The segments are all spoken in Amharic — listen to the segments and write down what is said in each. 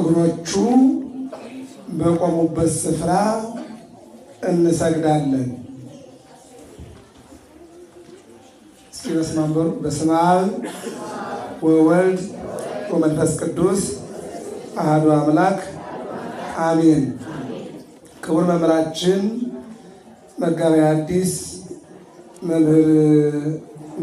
እግሮቹ በቆሙበት ስፍራ እንሰግዳለን። እስኪ በስመ አብ በስመ አብ ወወልድ ወመንፈስ ቅዱስ አሐዱ አምላክ አሜን። ክቡር መምህራችን መጋቤ ሐዲስ መምህር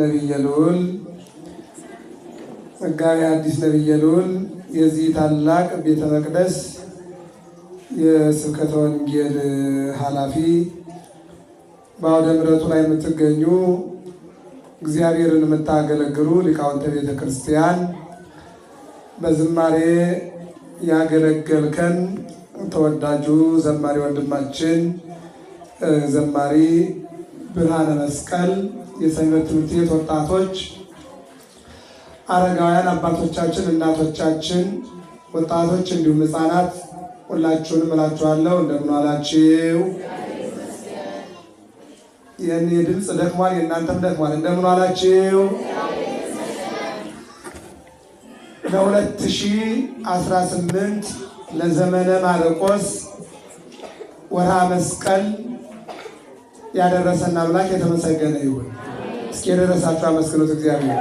ነቢየ ልዑል መጋቤ ሐዲስ ነቢየ ልዑል የዚህ ታላቅ ቤተ መቅደስ የስብከተ ወንጌል ኃላፊ በአውደ ምረቱ ላይ የምትገኙ እግዚአብሔርን የምታገለግሉ ሊቃውንተ ቤተ ክርስቲያን በዝማሬ ያገለገልከን ተወዳጁ ዘማሪ ወንድማችን ዘማሪ ብርሃነ መስቀል የሰንበት ትምህርት ቤት ወጣቶች አረጋውያን አባቶቻችን፣ እናቶቻችን፣ ወጣቶች እንዲሁም ሕፃናት ሁላችሁንም እላችኋለሁ እንደምን አላችሁ? ድምፅ ደክሟል፣ የእናንተም ደክሟል። እንደምን አላችሁ? ለሁለት ሺህ አስራ ስምንት ለዘመነ ማርቆስ ወርሃ መስቀል ያደረሰና አምላክ የተመሰገነ ይሁን። እስኪ የደረሳችሁ አመስግኖት እግዚአብሔር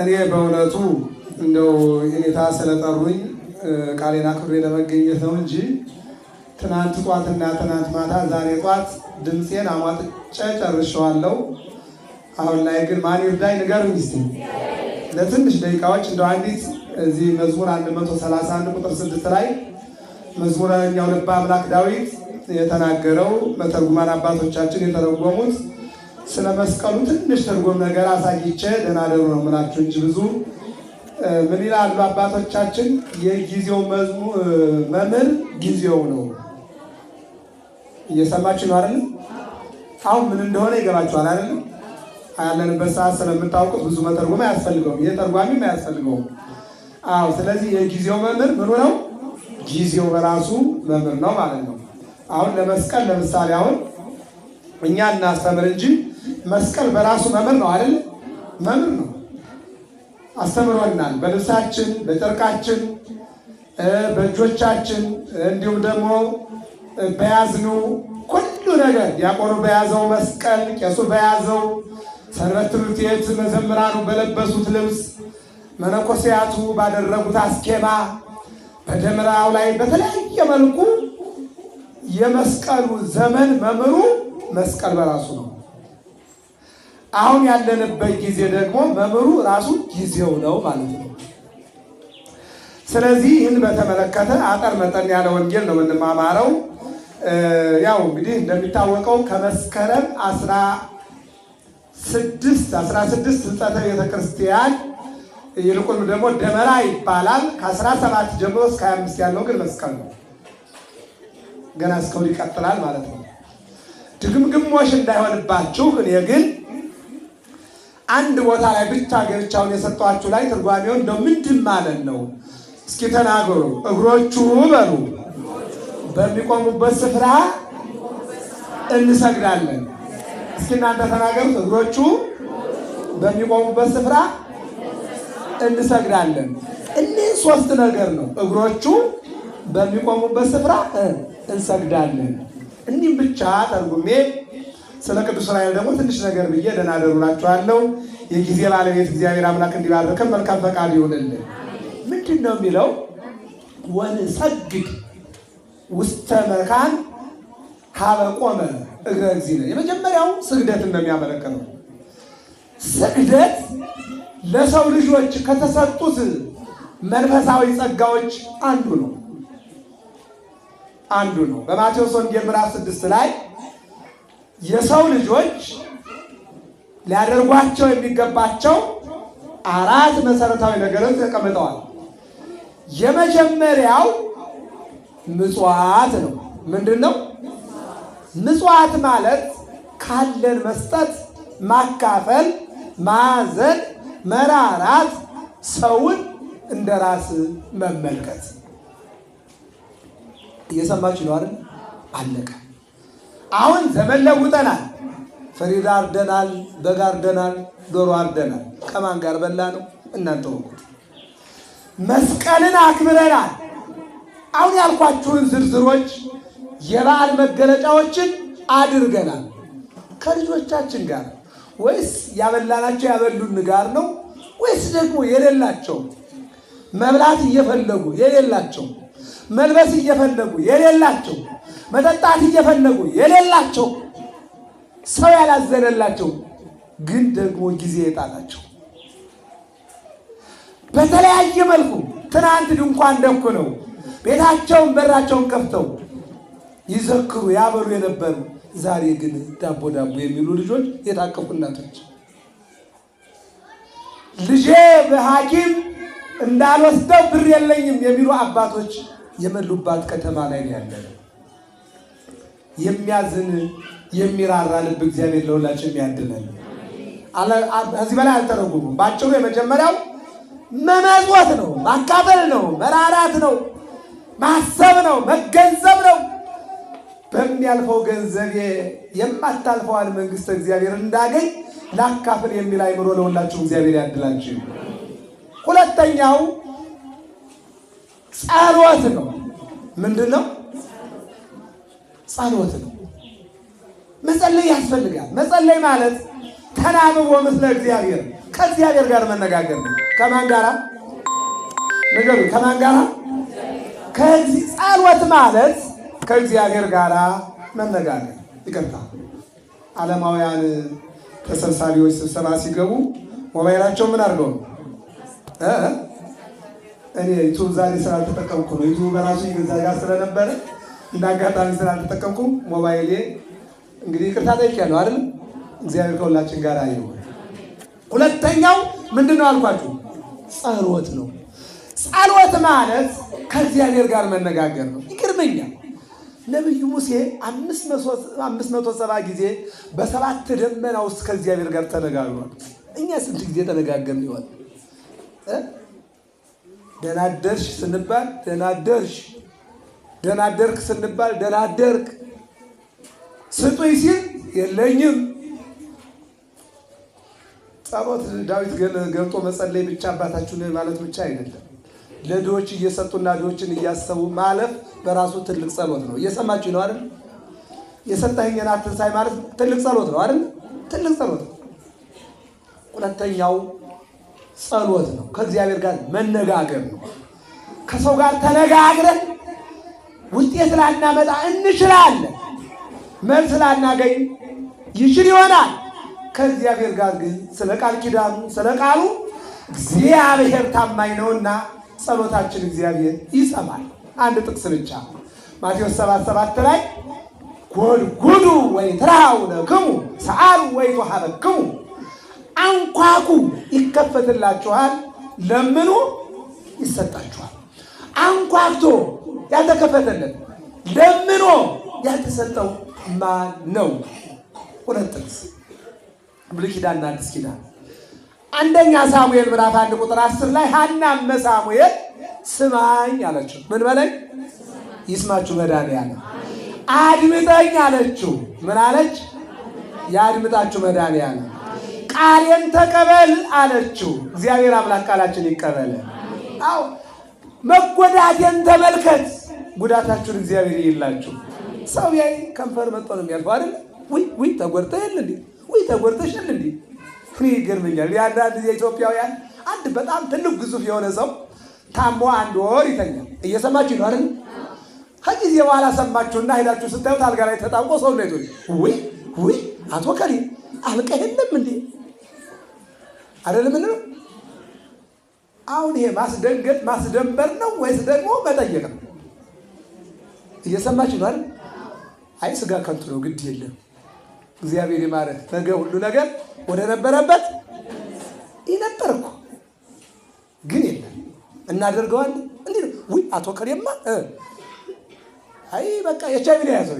እኔ በእውነቱ እንደው ሁኔታ ስለጠሩኝ ቃሌን አክብሬ ለመገኘት ነው እንጂ ትናንት ጧት እና ትናንት ማታ ዛሬ ጧት ድምፄን አሟጥጬ ጨርሼዋለሁ። አሁን ላይ ግን ማን ይርዳኝ ንገሩኝ እስኪ ለትንሽ ደቂቃዎች እንደው አንዲት እዚህ መዝሙር 131 ቁጥር 6 ላይ መዝሙረኛው ልበ አምላክ ዳዊት የተናገረው መተርጉማን አባቶቻችን የተረጎሙት ስለ መስቀሉ ትንሽ ትርጉም ነገር አሳይቼ ደህና ደሩ ነው የምላችሁ እንጂ ብዙ ምን ይላሉ አባቶቻችን፣ የጊዜው መምህር ጊዜው ነው። እየሰማችሁ ነው አይደለም? አሁን ምን እንደሆነ ይገባችኋል አይደለም? ያለንበት ሰዓት ስለምታውቁት ብዙ መተርጎም አያስፈልገውም፣ የተርጓሚም አያስፈልገውም። አዎ፣ ስለዚህ የጊዜው መምህር ምኑ ነው? ጊዜው በራሱ መምህር ነው ማለት ነው። አሁን ለመስቀል ለምሳሌ አሁን እኛ እናስተምር እንጂ መስቀል በራሱ መምር ነው አይደል? መምር ነው፣ አስተምሮናል። በልብሳችን፣ በጨርቃችን፣ በእጆቻችን እንዲሁም ደግሞ በያዝኑ ሁሉ ነገር ዲያቆኑ በያዘው መስቀል፣ ቄሱ በያዘው ሰንበት ትምህርት ቤት መዘምራኑ በለበሱት ልብስ፣ መነኮሲያቱ ባደረጉት አስኬማ፣ በደመራው ላይ በተለያየ መልኩ የመስቀሉ ዘመን መምሩ መስቀል በራሱ ነው። አሁን ያለንበት ጊዜ ደግሞ መምህሩ ራሱ ጊዜው ነው ማለት ነው። ስለዚህ ይህን በተመለከተ አጠር መጠን ያለ ወንጌል ነው የምንማማረው። ያው እንግዲህ እንደሚታወቀው ከመስከረም አስራ ስድስት አስራ ስድስት ህንጸተ ቤተክርስቲያን ይልቁን ደግሞ ደመራ ይባላል። ከአስራ ሰባት ጀምሮ እስከ ሀያ አምስት ያለው ግን መስቀል ነው። ገና እስከሁን ይቀጥላል ማለት ነው። ድግምግሞሽ እንዳይሆንባችሁ እኔ ግን አንድ ቦታ ላይ ብቻ ገብቻውን የሰጧችሁ ላይ ትርጓሜውን እንደው ምንድን ማለት ነው? እስኪ ተናገሩ። እግሮቹ በሉ በሚቆሙበት ስፍራ እንሰግዳለን። እስኪ እናንተ ተናገሩት። እግሮቹ በሚቆሙበት ስፍራ እንሰግዳለን። እኔ ሶስት ነገር ነው። እግሮቹ በሚቆሙበት ስፍራ እንሰግዳለን። እኒህም ብቻ ተርጉሜ ስለ ቅዱስ ዑራኤል ደግሞ ትንሽ ነገር ብዬ ደህና ደሩ የጊዜ ባለቤት እግዚአብሔር አምላክ እንዲባርከን መልካም ፈቃድ ይሆንልን። ምንድን ነው የሚለው? ወንሰግድ ውስተ መካን ሀበ ቆመ እግረ እግዚእነ። የመጀመሪያው ስግደትን ነው ስግደት ለሰው ልጆች ከተሰጡት መንፈሳዊ ጸጋዎች አንዱ ነው አንዱ ነው። በማቴዎስ ወንጌል ምዕራፍ ስድስት ላይ የሰው ልጆች ሊያደርጓቸው የሚገባቸው አራት መሰረታዊ ነገሮች ተቀምጠዋል። የመጀመሪያው ምጽዋት ነው። ምንድን ነው ምጽዋት ማለት? ካለን መስጠት፣ ማካፈል፣ ማዘን፣ መራራት፣ ሰውን እንደ ራስ መመልከት። እየሰማችሁ ነው አይደል? አለቀ። አሁን ዘመን ለውጠናል። ፈሪዳ አርደናል፣ በግ አርደናል፣ ዶሮ አርደናል። ከማን ጋር በላ ነው? እናንተ ወቁት። መስቀልን አክብረናል። አሁን ያልኳችሁን ዝርዝሮች የበዓል መገለጫዎችን አድርገናል። ከልጆቻችን ጋር ወይስ ያበላናቸው ያበሉን ጋር ነው ወይስ ደግሞ የሌላቸው መብላት እየፈለጉ የሌላቸው መልበስ እየፈለጉ የሌላቸው መጠጣት እየፈለጉ የሌላቸው ሰው ያላዘነላቸው ግን ደግሞ ጊዜ የጣላቸው በተለያየ መልኩ ትናንት ድንኳን ደኩ ነው ቤታቸውን በራቸውን ከፍተው ይዘክሩ ያበሩ የነበሩ ዛሬ ግን ዳቦ ዳቦ የሚሉ ልጆች የታቀፉ እናቶች ልጄ በሐኪም እንዳልወስደው ብር የለኝም የሚሉ አባቶች የመሉባት ከተማ ላይ ያለ ነው። የሚያዝን የሚራራ ልብ እግዚአብሔር ለሁላችን የሚያድለን። ከዚህ በላይ አልተረጉሙም። በአጭሩ የመጀመሪያው መመጽወት ነው፣ ማካፈል ነው፣ መራራት ነው፣ ማሰብ ነው፣ መገንዘብ ነው። በሚያልፈው ገንዘብ የማታልፈዋን መንግስት እግዚአብሔር እንዳገኝ ላካፍል የሚል አይምሮ ለሁላችሁ እግዚአብሔር ያድላችሁ። ሁለተኛው ጸሎት ነው። ምንድን ነው? ጸሎት ነው። መጸለይ ያስፈልጋል። መጸለይ ማለት ተናብቦ ምስለ እግዚአብሔር ከእግዚአብሔር ጋር መነጋገር ነው። ከማን ጋር ነገሩ? ከማን ጋር? ከዚህ ጸሎት ማለት ከእግዚአብሔር ጋር መነጋገር። ይቅርታ፣ ዓለማውያን ተሰብሳቢዎች ስብሰባ ሲገቡ ሞባይላቸው ምን አድርገው ነው? እኔ ዩቱብ ዛሬ ስላልተጠቀምኩ ነው። ዩቱብ በራሱ ይገዛ ጋር ስለነበረ እንደ አጋጣሚ ስላልተጠቀምኩም ሞባይሌ እንግዲህ ይቅርታ ጠይቄያለሁ አይደል? እግዚአብሔር ከሁላችን ጋር ይሁን። ሁለተኛው ምንድን ነው አልኳችሁ? ጸሎት ነው። ጸሎት ማለት ከእግዚአብሔር ጋር መነጋገር ነው። ይገርመኛል። ነቢዩ ሙሴ አምስት መቶ ሰባ ጊዜ በሰባት ደመና ውስጥ ከእግዚአብሔር ጋር ተነጋግሯል። እኛ ስንት ጊዜ ተነጋገር ይሆን? ደህና ስንባል ደህና ደህና አደርክ ስንባል ደህና አደርክ፣ ስጡኝ ሲል የለኝም። ጸሎት ዳዊት ገልጦ መጸለይ ብቻ አባታችሁን ማለት ብቻ አይደለም። ለድሆች እየሰጡና ድሆችን እያሰቡ ማለፍ በራሱ ትልቅ ጸሎት ነው። እየሰማችሁ ነው አይደል? የሰጠኸኝን አትንሳይ ማለት ትልቅ ጸሎት ነው አይደል? ትልቅ ጸሎት ነው። ሁለተኛው ጸሎት ነው፣ ከእግዚአብሔር ጋር መነጋገር ነው። ከሰው ጋር ተነጋግረን ውጤት ላናመጣ እንችላለን። መልስ ላናገኝ ይችል ይሆናል። ከእግዚአብሔር ጋር ግን ስለ ቃል ኪዳኑ ስለ ቃሉ እግዚአብሔር ታማኝ ነውና ጸሎታችን እግዚአብሔር ይሰማል። አንድ ጥቅስ ብቻ ማቴዎስ 7 7 ላይ ጎድጉዱ ወይትረኃውለክሙ ሰአሉ ወይትወሀበክሙ፣ አንኳኩ ይከፈትላችኋል፣ ለምኑ ይሰጣችኋል። አንኳብቶ ያልተከፈተለት ለምኖ ያልተሰጠው ማን ነው? ሁለት ጥቅስ ብሉይ ኪዳንና አዲስ ኪዳን። አንደኛ ሳሙኤል ምዕራፍ አንድ ቁጥር አስር ላይ ሐናም ሳሙኤል ስማኝ አለችው። ምን በለኝ? ይስማችሁ መድኃኒዓለም። አድምጠኝ አለችው። ምን አለች? የአድምጣችሁ መድኃኒዓለም። ቃሌን ተቀበል አለችው። እግዚአብሔር አምላክ ቃላችን ይቀበለ። አዎ መጎዳጀን ተመልከት፣ ጉዳታችሁን እግዚአብሔር ይላችሁ። ሰው ያይ ከንፈር መጥቶ ነው የሚያልፈው አይደል? ውይ ውይ ተጎድተ የለ እንዴ? ውይ ተጎድተሽ የለ እንዴ? ፍሪ ይገርመኛል። የአንዳንድ የኢትዮጵያውያን አንድ በጣም ትልቅ ግዙፍ የሆነ ሰው ታሞ አንድ ወር ይተኛል። እየሰማችሁ ነው አይደል? ከጊዜ በኋላ ሰማችሁና ሄዳችሁ ስታዩት አልጋ ላይ ተጣብቆ ሰው ነው ይቶል። ውይ ውይ አቶ ከሪ አልቀ የለም እንዴ? አይደለም ነው አሁን ይሄ ማስደንገጥ ማስደንበር ነው ወይስ ደግሞ መጠየቅ ነው? እየሰማችሁ ነው አይ ስጋ ከንቱ ነው፣ ግድ የለም እግዚአብሔር ይማረ ነገ ሁሉ ነገር ወደ ነበረበት ይነጠርኩ ግን የለም እናደርገዋል እንዲህ ነው ውይ አቶ ከሌማ አይ በቃ የቻይቪ ላይ ያዘው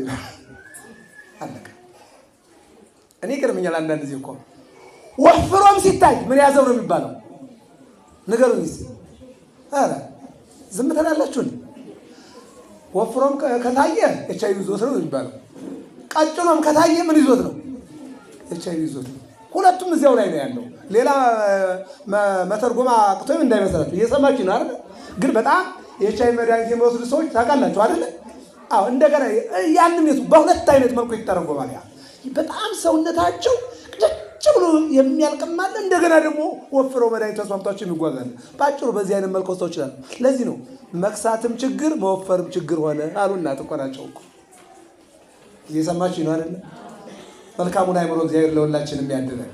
አለቀ። እኔ ይገርመኛል አንዳንድ ጊዜ እኮ ወፍሮም ሲታይ ምን ያዘው ነው የሚባለው ንገሩኝ እስኪ። ኧረ ዝም ትላላችሁ? ወፍሮም ከታየ ኤች አይቪ ይዞት ነው የሚባለው። ቀጭኖም ከታየ ምን ይዞት ነው? ኤች አይቪ ይዞት ነው። ሁለቱም እዚያው ላይ ነው ያለው። ሌላ መተርጎማ አቅቶኝ እንዳይመስላችሁ እየሰማችሁ ነው አይደል? ግን በጣም ኤች አይቪ መድኃኒት የሚወስዱ ሰዎች ታውቃላችሁ አይደል? አዎ እንደገና ያንም የቱ በሁለት አይነት መልኩ ይተረጎማል። ያ በጣም ሰውነታቸው ብሎ የሚያልቅማል። እንደገና ደግሞ ወፍሮ መድኃኒት ተስማምቷቸው የሚጓዛል። በአጭሩ በዚህ አይነት መልክ ወስደው ይችላል። ለዚህ ነው መክሳትም ችግር መወፈርም ችግር ሆነ አሉና ጥቆናቸው እኮ እየሰማችሁ ነው አይደለ? መልካሙን አይምሮ እግዚአብሔር ለሁላችንም ያድለን።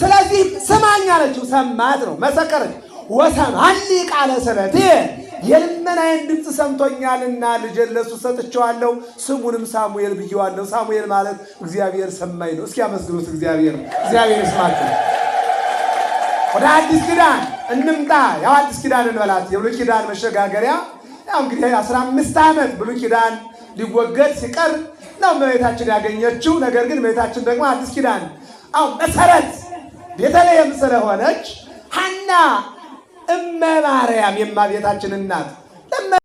ስለዚህ ስማኝ አለችው። ሰማት ነው መሰከረች። ወሰማኒ ቃለ ስእለቴ የልመናዬን ድምፅ ሰምቶኛልና ልጄን ለእሱ ሰጥቼዋለሁ፣ ስሙንም ሳሙኤል ብዬዋለሁ። ሳሙኤል ማለት እግዚአብሔር ሰማኝ ነው። እስኪ ያመስግኑት እግዚአብሔር። እግዚአብሔር ይስማችሁ። ወደ አዲስ ኪዳን እንምጣ። ያው አዲስ ኪዳን እንበላት የብሉይ ኪዳን መሸጋገሪያ። ያው እንግዲህ አስራ አምስት ዓመት ብሉይ ኪዳን ሊወገድ ሲቀር ነው እመቤታችን ያገኘችው። ነገር ግን እመቤታችን ደግሞ አዲስ ኪዳን አው መሰረት ቤተልሔም ስለሆነች ሐና እመ ማርያም የማቤታችን እናት